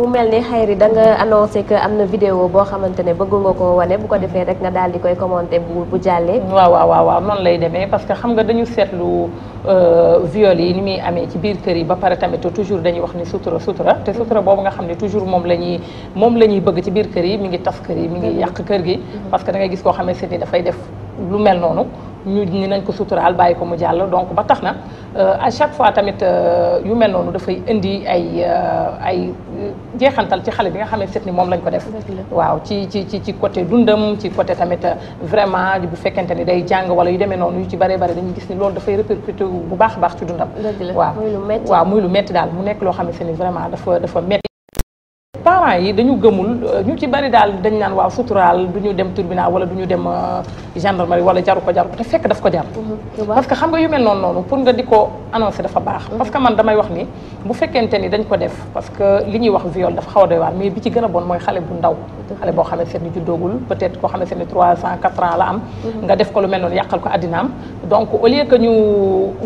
mu mel ni xayri da nga annoncé que am na vidéo boo xamante ne bëgg nga ko wane bu ko defee rek nga daal di koy commenté bu bu jàllee. waaw waaw waaw noonu lay demee parce que xam nga dañu seetlu euh, viol yi ni muy amee ci biir kër yi ba pare tamit toujours dañuy wax ni sutura sutura te sutura boobu nga xam ne toujours moom la ñuy moom la ñuy bëgg ci biir kër yi mi ngi tas kër yi mi ngi yàq kër gi. parce que da gis koo xamante ni dafay def. lu mel noonu ñu ni nañ ko suturaal bàyyi ko mu jàll donc ba tax na euh, à chaque fois tamit euh, yu mel noonu dafay indi ay euh, ay jeexantal ci xale bi nga xamante ni moom lañ ko def. waaw ci ci ci ci côté dundam ci côté tamit vraiment bu fekkente ni day jàng wala yu demee noonu yu ci bëree bëri dañuy gis ni loolu dafay répercuté bu baax a baax ci dundam. waaw muy lu metti daal mu nekk loo xamante ni vraiment dafa dafa metti parents dañu gëmul euh, ñu ci bari daal dañ naan waaw suturaal du ñu dem tribunal wala duñu dem euh, gendarmerie wala jaru ko jaru ko te fekk daf ko jar mhm. parce que xam nga yu mel noonu noonu pour nga di ko annoncé dafa baax mhm. parce que man damay wax ni bu fekkente ni dañ ko def parce que li ñuy wax viol dafa xaw a doy mais bi ci gën a bon mooy xale bu ndaw xale boo xamante ne juddoogul peut être koo xamante ne trois ans quatre ans la am mhm. nga def ko lu mel noonu yàqal ko addinaam donc au lieu que ñu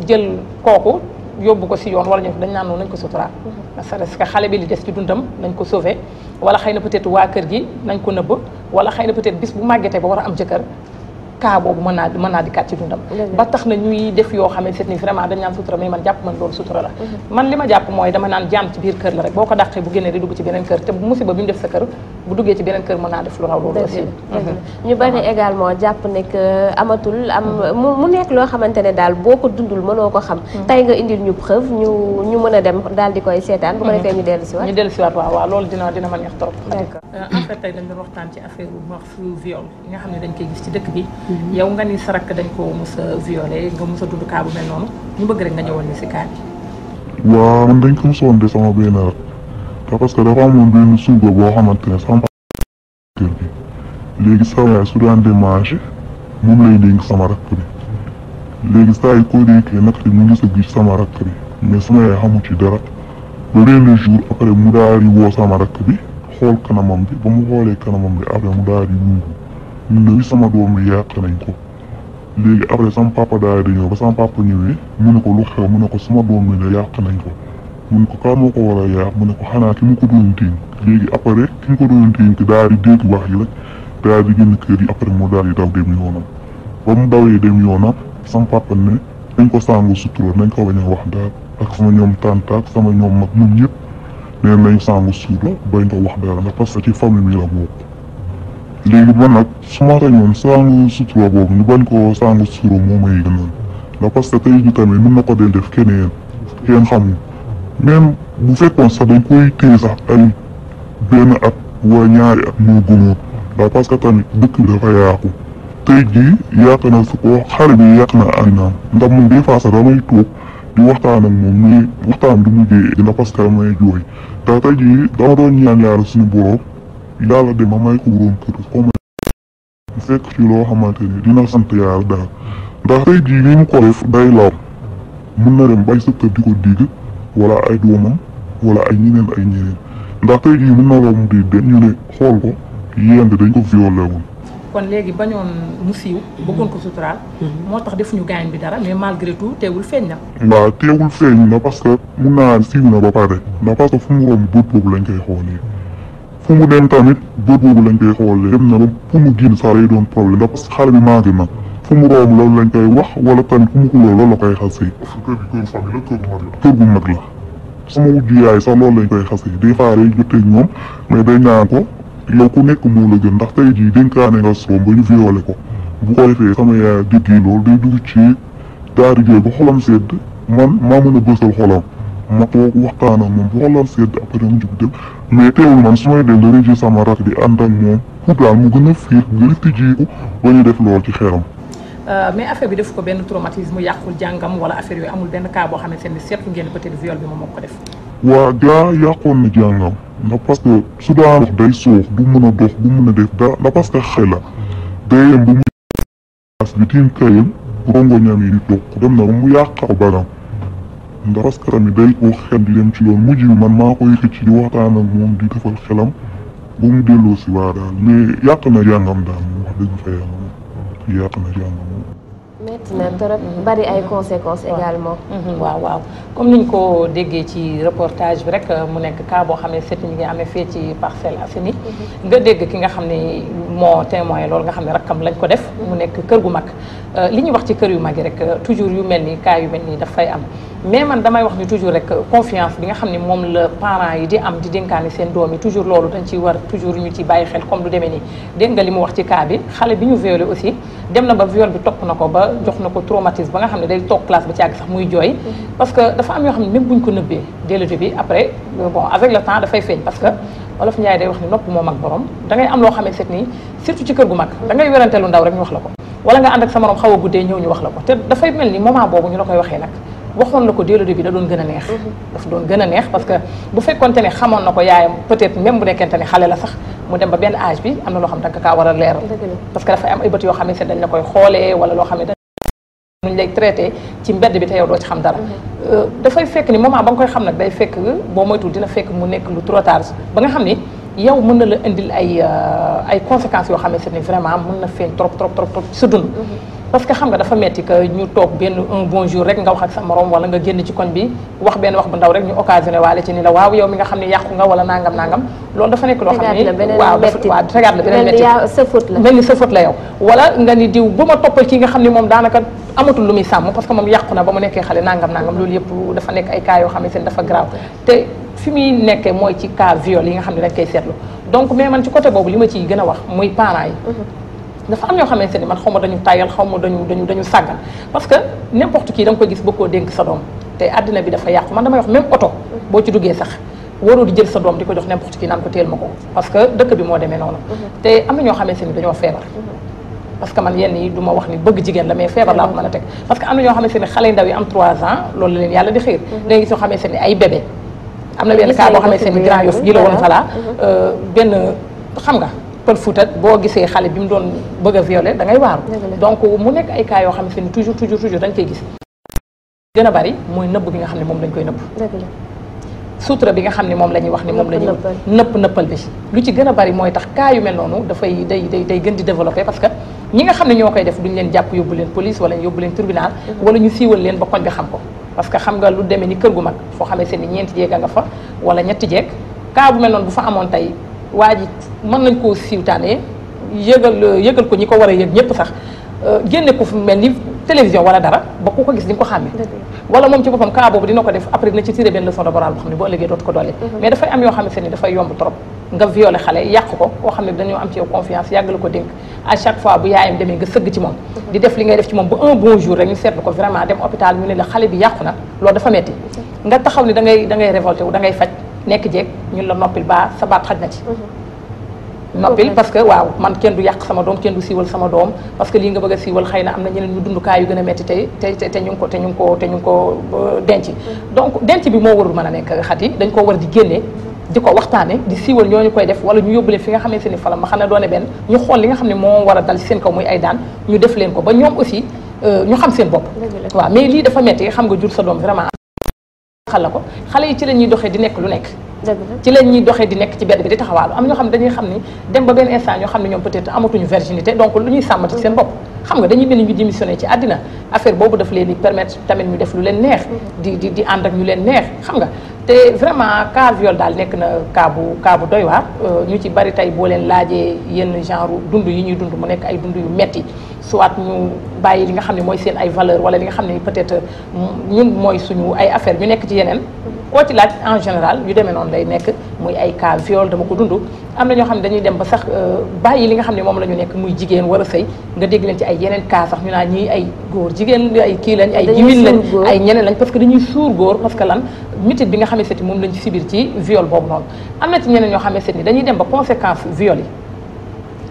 jël kooku yóbbu ko si yoon wala ñu dañ naan noonu nañ ko suturaal mm-hmm. parce que xale bi li des ci dundam nañ ko sauver wala xëy na peut-être waa kër gi nañ ko nëbb wala xëy na peut-être bis bu màggetee ba war a am jëkkër cas boobu mën naa mën naa di kat ci dundam ba tax na ñuy def yoo xamante ni vraiment dañ naan sutura mais man jàpp man loolu sutura la mhm. man li ma jàpp mooy dama naan jaam ci biir kër la rek boo ko dàqee bu génnee di dugg ci beneen kër te bu musiba bi mu def sa kër bu duggee ci beneen kër mën naa def lu raw loolu mhm. Mhm. jàpp ne que amatul am mu nekk loo xamante ne daal boo ko dundul mënoo ko xam tey nga indil ñu preuve ñu ñu mën a dem daal di koy seetaan bu ko defee ñu dellu si waat ñu dellu si waat waaw waaw loolu dina dina ma neex trop d'accord euh, en fait tey dañ doon waxtaan ci affaire bu wax viol nga xam dañ koy gis ci dëkk bi Mm-hmm. yow nga ni sa rakk dañ ko mos a nga mos a mel noonu ñu bëgg rek nga ñëwal ni si kaa bi. waaw dañ ko mos sama benn rakk te parce que dafa amoon benn surga boo xamante ne sama bi léegi saa yaay su daan démarché moom yi dara ba benn jour mu daal di sama rakk bi xool kanamam bi ba mu xoolee kanamam bi après mu daal di ñun de sama doom bi ko léegi après sama papa daal di mu ko lu xew ko sama doom bi nañ ko mu a mu ko xanaa ki mu ko doon tiiñ léegi après ki mu ko doon tiiñ ki daal di dégg wax yi rek daal di génn kër yi après mu daal di daw dem yoonam ba mu dawee dem yoonam sama papa ne nañ ko sàngu sutura nañ ko bañ wax daal ak sama ñoom tante ak sama ñoom mag ñoom ñëpp nee nañ sàngu sutura bañ ko wax dara ndax parce que ci famille bi la bokk. léegi man su ma sañoon sangu sutura boobu ñu bañ ko sangu sutura moo may gënal la parce que tey jii tamit na ko dee def keneen kenn xamul même bu fekkoon sax dañ koy téye sax ay benn at waa ñaari at moo gënoon la tamit dëkk bi dafa yaaku tey jii yàq na su ko xale bi yàq na aminaam ndax mun des fois sax di waxtaan moom ni waxtaan bi mujjee dina parce que damay jooy te tey jii dama doon ñaan yàlla suñu borom yàlla de daal ndax tey jii ni mu ko def day law mun na dem bay sa kër ko digg wala ay doomam wala ay ñeneen ay ñeneen ndax tey jii mun na law mu ne xool ko yéen dañ ko violé kon léegi bañoon mu siiw bëggoon ko suturaal mm-hmm. moo tax defuñu gaañ bi dara mais malgré tout teewul feeñ na waaw teewul feeñ na parce que mun naa siiw na ba pare ndax parce que fu mu romb bët boobu lañ koy xoolee fu mu dem tamit bët boobu lañ koy xoolee dem na ba fu mu génn saa lay doon problème ndax xale bi màgg na fu mu room loolu lañ koy wax wala tamit fu mu xuloo loolu la koy xasee. parce que kër gi kër famille la kër gu mag la. sama wujju yaay sax loolu lañ koy xasee des fois day jotee ñoom mais day ñaan ko yow ku nekk moo la gën ndax tey jii dénkaane nga soom ba ñu violé ko bu ko defee sama yaay déggee loolu day dugg ci daari jooy ba xolam sedd man maa mën a bësal xolam. ma toog waxtaan ak moom bu xolam sedd après mu jug dem mais teewul man su may dem dana sama rakk di ànd ak moom pour daal mu gën fiir gën a tijjiiku def lool ci xeeram. Euh, mais affaire bi def ko benn traumatisme yàqul jàngam wala affaire yooyu amul benn cas boo xamante ne ngeen peut-être viol bi moom moo ko def. waa gaa yàqoon na jàngam ndax parce que su day soox du mën a dox du mën a def daa ndax parce que day yem ba mu. as bi tiim kayam rongoñam ndaxaskaram yi day ko xel di dem ci yoon mujj man maa koy xëcc di waxtaan ak moom di defal xelam ba mu delloo si waa daal mais yàq na jàngam daal moom bari ay conséquence également. Mhm. waaw waaw comme niñ ko déggee ci reportage bi rek mu nekk cas boo xam ne seet ñi ngi amee fee ci Parcelles mhm. nga dégg ki nga xam ne moo témoin loolu nga xam ne rakkam lañ ko def mu nekk kër gu mag euh, li ñuy wax ci kër yu mag yi rek euh, toujours yu mel nii cas yu mel nii dafay am mais man damay wax ni toujours rek euh, confiance bi nga xam ne moom la parents yi am di dénkaani seen doom yi toujours loolu dañ ciy war toujours ñu ci bàyyi xel comme lu demee nii dégg nga li mu wax ci cas bi xale bi ñu violé aussi dem na ba viol bi topp na ko ba jox na ko traumatisme ba nga xam ne day toog classe ba ci àgg sax muy jooy parce que dafa am yoo xam ne même buñ ko nëbbee dès le début après bon avec le temps dafay feeñ parce que olof Njaay day wax ni nopp moo mag borom da am loo xamee set nii surtout ci kër gu mag da werante lu ndaw rek ñu wax la ko wala nga ànd ak sa morom xaw a guddee ñëw ñu wax la ko te dafay mel ni moment boobu ñu la koy waxee nag waxoon la ko dès le da doon gën a neex mm-hmm. daf doon gën a neex parce que bu fekkonte ne xamoon na ko yaayam peut-être même bu nekkente ne xale la sax mu dem ba benn âge bi am na loo xam danga kaa war a leeral parce que nuñ lay traité ci mbedd bi te yow doo ci xam dara mm-hmm. euh, dafay fekk ni moment ba nga koy xam nag bay fekk boo moytul dina fekk mu nekk lu trop ba nga xam ni yow mun na la indil ay euh, ay conséquences yoo xamante ni vraiment mun na feeñ trop trop trop trop ci sa dund mm-hmm. parce que xam nga dafa metti que ñu toog benn un bonjour rek nga wax ak sa morom wala nga génn ci koñ bi wax benn wax bu ndaw rek ñu occasionné waale ci ni la waaw yow mi nga xam ne yàqu nga wala xam ne metti mel la yow wala nga ni diw bu ma toppal kii nga xam ne moom daanaka amatul lu muy sàmm parce que moom yàqu na ba mu nekkee xale nangam nangam loolu yëpp dafa nekk ay cas yoo xam ne seen dafa grave te fi muy nekkee mooy ci cas viol yi nga xam ne dañ koy seetlu donc mais man ci côté boobu li gën a wax muy dafa am ñoo xamante ni man xaw ma dañu tayal xaw ma dañu dañu dañu parce que n'importe qui da gis ko koo bëggoo dénk sa doom te àddina bi dafa yàqu man damay wax même oto boo ci duggee sax waroo di jël sa doom di ko jox n'importe qui naan ko téel ma ko parce que dëkk bi moo demee noonu mhm. te am na ñoo xamante ni dañoo feebar mhm. parce que man yenn yi du ma wax ni bëgg jigéen la mais feebar laa ko mën a teg mhm. parce que am na ñoo xamante ni xale ndaw yi am 3 ans loolu la leen yàlla di ay bébé am na benn cas boo xamante ni grand yof gi la woon voilà euh, benn xam nga pël Fouta boo gisee xale bi mu doon bëgg a violer da ngay waaru donc mu nekk ay cas yoo xam ne toujours toujours toujours da nga gis gën a bari mooy nëbb bi nga xam ne moom lañ koy nëbb sutura bi nga xam ne moom la ñuy wax ni moom la ñuy nëpp nëppal bi lu ci gën a bari mooy tax cas yu mel noonu dafay day day gën di développer parce que ñi nga xam ne ñoo koy def duñ leen jàpp yóbbu leen police wala yóbbu leen tribunal wala ñu siiwal leen ba koñ bi xam ko parce que xam nga lu demee ni kër gu mag foo xamee ne ni ñeenti jeeg a nga fa wala ñetti jeeg cas bu mel noonu bu fa amoon tey waa ji mën nañ koo siiwtaanee yëgal yëgal ko ñi ko war a yëg ñëpp sax euh, génne ko fu mel ni télévision wala dara ba ku ko gis di ko xàmmee wala moom ci boppam cas boobu dina ko def après dina ci tiré benn leçon de morale boo xam ne boo ëllëgee dootu ko doole mhm. mais dafay am yoo xamante ne dafay yomb trop nga violé xale yàq ko koo xam ne dañoo am ci yow confiance yàgg la ko dénk à chaque fois bu yaayam demee nga sëgg ci moom mhm. di def li ngay def ci moom ba un bon jour rek ñu seetlu ko vraiment mhm. nga taxaw ni da ngay da ngay wu da ngay faj nekk jeeg ñun la noppil ba sa baat xaj na ci mhm. noppil parce que waaw man kenn du yàq sama doom kenn du siiwal sama doom parce que lii nga bëgg a siiwal xëy na am na ñeneen ñu dundukaay yu gën a metti te te te ñu ko ko te ñu ngi euh, mhm. bi moo warul mën a nekk xat yi dañ koo war di génnee di ko waxtaane di siiwal ñu koy def wala ñu yóbbu leen fi nga xam ne seeni fala ma xam ne doone benn ñu xool li nga xam ne moo war a dal ci seen kaw muy ay daan ñu def leen ko ba ñoom aussi euh, ñu xam seen bopp waaw mais lii dafa metti xam nga jur sa doom vraiment xala ko xale yi ci la ñuy doxee di nekk lu nekk ci leen ñuy doxee di nekk ci bedd bi di taxawaalu am ñoo xam ne dañuy xam ni dem ba benn instant ñoo xam ne ñoom peut-être amatuñu virginité donc lu ñuy sàmmati seen bopp xam nga dañuy mel ni ñu démissionné ci àddina affaire boobu daf leen di permettre tamit ñu def lu leen neex. di di di ànd ak ñu leen neex xam nga. te vraiment cas viol daal nekk na kaabu kaabu cas bu doy euh, ñu ci bari tey boo leen laajee yenn genre dund yi ñuy dund mu nekk ay dund yu metti soit ñu bàyyi li nga xam ne mooy seen ay valeur wala li nga xam ne peut-être euh, ñun mooy suñu ay affaire ñu nekk ci yeneen. koo ci laaj en général ñu demee noonu lay nekk. muy ay cas viol dama ko dund am na ñoo xam ne dañuy dem ba sax euh, bàyyi li nga xam ne moom la ñu nekk muy jigéen war a sëy nga dégg leen ci ay yeneen cas sax ñu naa ñii ay góor jigéen ay kii lañ ay jimin lañ ay ñeneen lañ parce que dañuy suur góor parce que lan métit bi nga xam ni moom lañ sibir ci viol boobu noonu am na ci ñeneen ñoo xam ne ni dañuy dem ba conséquence viol yi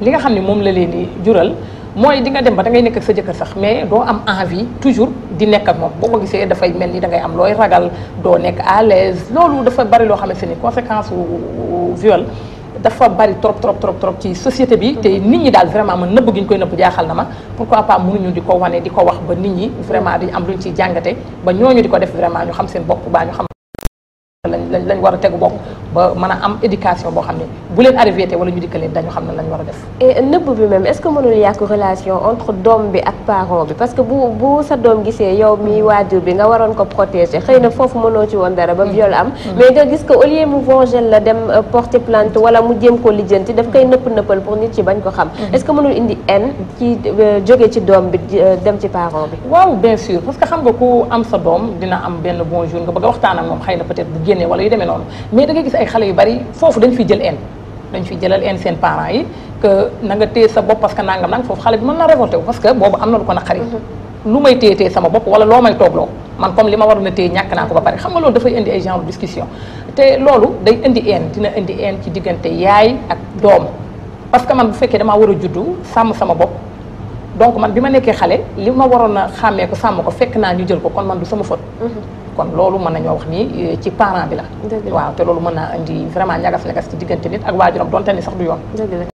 li nga xam ne moom la leen di jural mooy di nga dem ba da ngay nekk sa jëkkër sax mais doo am envie toujours di nekka ak moom boo ko gisee dafay mel ni dangay am looy ragal doo nekk à loolu dafa bari loo xamante ni conséquence wu viol dafa bari trop trop trop trop ci société bi te mhm. nit ñi daal vraiment man nëbb gi ñu koy nëbb jaaxal na ma pourquoi pas mënuñu di ko wane di ko wax ba nit ñi vraiment di am luñ ciy jàngate ba ñooñu di ko def vraiment ñu xam seen bopp baa ñu xam lañ lañ war a tegu bokk ba mën a am éducation boo xam ne bu leen arrivé te wala ñu dikka leen dañu xam ne lañ war a def et nëbb bi même est-ce que mënul yàq relation entre doom bi ak parent bi parce que bu bu sa doom gisee yow mi waajur bi nga waroon ko protéger xëy na foofu mënoo ci woon dara ba mm. viol am mm. mais nga gis ko au lieu mu venger la dem euh, porter plainte wala mu jëm ko lijjanti daf koy nëpp nëppal pour nit ci bañ ko xam mm. est-ce que mënul indi haine ci euh, jóge ci doom bi euh, dem ci parent bi waaw bien sûr parce que xam nga ku am sa doom dina am benn bonjour a waxtaan ak moom xëy na peut-être génne wala yu demee noonu mais da gis ay xale yu bari foofu dañ fi jël en dañ fi jëlal en seen parents yi que na nga téye sa bopp parce que nangam nang foofu xale bi mën na révolté wu parce que boobu am na lu ko naqari mhm. lu may téye téye sama bopp wala loo may toogloo man comme li ma war na téye ñàkk naa ko ba pare xam nga loolu dafay indi ay genre discussion te loolu day indi en dina indi en ci diggante yaay ak doom parce que man bu fekkee damaa war a juddu sàmm sama bopp donc man bi ma nekkee xale li ma waroon a xàmmee ko sàmm ko fekk naa ñu jël ko kon man du sama faute. Mhm. kon loolu mën nañoo wax ni euh, ci parent bi la. waaw te loolu mën naa indi vraiment ñagas-ñagas ci diggante nit ak waajuram donte ni sax du yoon.